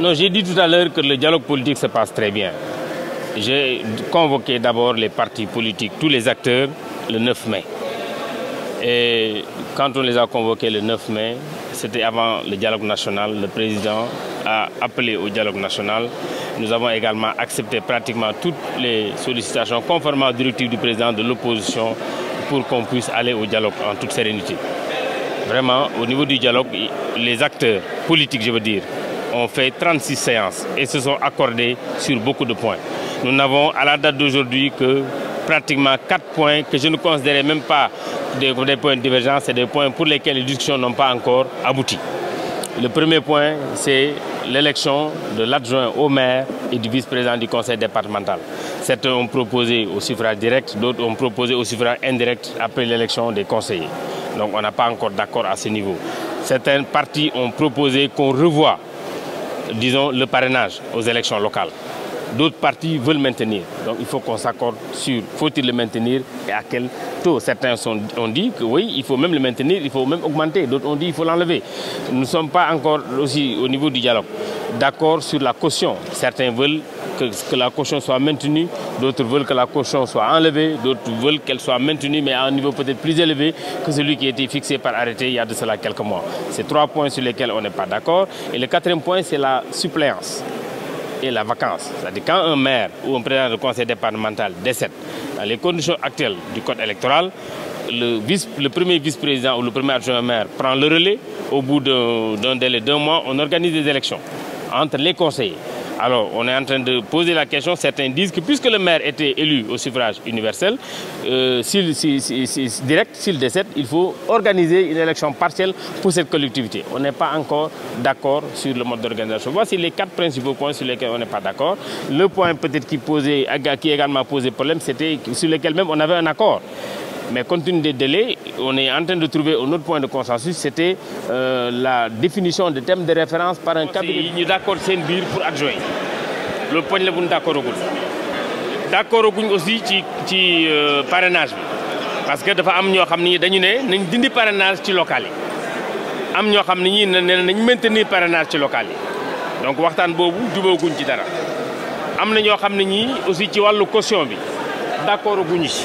Non, j'ai dit tout à l'heure que le dialogue politique se passe très bien. J'ai convoqué d'abord les partis politiques, tous les acteurs, le 9 mai. Et quand on les a convoqués le 9 mai, c'était avant le dialogue national, le président a appelé au dialogue national. Nous avons également accepté pratiquement toutes les sollicitations conformément aux directives du président de l'opposition pour qu'on puisse aller au dialogue en toute sérénité. Vraiment, au niveau du dialogue, les acteurs politiques, je veux dire, ont fait 36 séances et se sont accordés sur beaucoup de points. Nous n'avons à la date d'aujourd'hui que pratiquement quatre points que je ne considérais même pas des, des points de divergence c'est des points pour lesquels les discussions n'ont pas encore abouti. Le premier point, c'est l'élection de l'adjoint au maire et du vice-président du conseil départemental. Certains ont proposé au suffrage direct, d'autres ont proposé au suffrage indirect après l'élection des conseillers. Donc on n'a pas encore d'accord à ce niveau. Certains partis ont proposé qu'on revoie disons, le parrainage aux élections locales. D'autres partis veulent maintenir. Donc il faut qu'on s'accorde sur faut-il le maintenir et à quel taux. Certains ont dit que oui, il faut même le maintenir, il faut même augmenter. D'autres ont dit qu'il faut l'enlever. Nous ne sommes pas encore aussi au niveau du dialogue d'accord sur la caution. Certains veulent que, la caution soit maintenue, d'autres veulent que la caution soit enlevée, d'autres veulent qu'elle soit maintenue, mais à un niveau peut-être plus élevé que celui qui a été fixé par arrêté il y a de cela quelques mois. C'est trois points sur lesquels on n'est pas d'accord. Et le quatrième point, c'est la suppléance et la vacance. C'est-à-dire quand un maire ou un président du conseil départemental décède, dans les conditions actuelles du code électoral, le, vice, le premier vice-président ou le premier adjoint maire prend le relais. Au bout d'un délai d'un mois, on organise des élections entre les conseillers. Alors, on est en train de poser la question. Certains disent que puisque le maire était élu au suffrage universel, euh, s'il, direct, s'il décède, il faut organiser une élection partielle pour cette collectivité. On n'est pas encore d'accord sur le mode d'organisation. Voici les quatre principaux points sur lesquels on n'est pas d'accord. Le point peut-être qui, posait, qui également posait problème, c'était sur lequel même on avait un accord. Mais compte tenu des délais, on est en train de trouver un autre point de consensus, c'était euh, la définition des thèmes de référence par un cabinet. Nous d'accord c'est une bière pour adjoindre. Le point le nous d'accord au D'accord au aussi ci euh, parrainage parce que dafa am ñoo xam ni dañu ne nañ dindi parrainage ci local yi am ñoo xam ne ñii ne nañ maintenir parrainage ci local yi donc waxtaan boobu jubóoguñ ci dara am na ñoo xam aussi ci wàllu caution bi d'accord guñu ci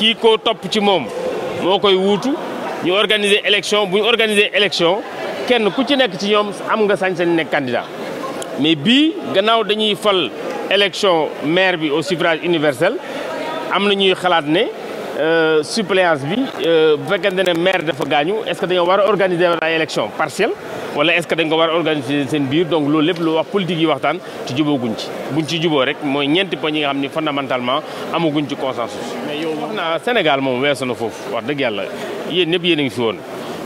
kii ko topp ci moom moo koy wuutu ñu organiser élection bu ñu organiser élection kenn ku ci nekk ci ñoom am nga sañ-sañ nekk candidat mais bii gannaaw dañuy fal élection maire bi au suffrage universel am na ñuy xalaat ne. Euh, suppléance bi euh, bu fekkente ne maire dafa gaañu est-ce war a ay élection partielle wala est dañ ko war a seen biir donc loolu lépp lu wax politique yi waxtaan ci juboo guñ ci buñ ci juboo rek mooy ñeenti poñ yi nga xam ni fondamentalement amaguñ ci consensus mais yow wax naa Sénégal moom weesu na foofu wax dëgg yàlla yéen ñëpp yéen a fi woon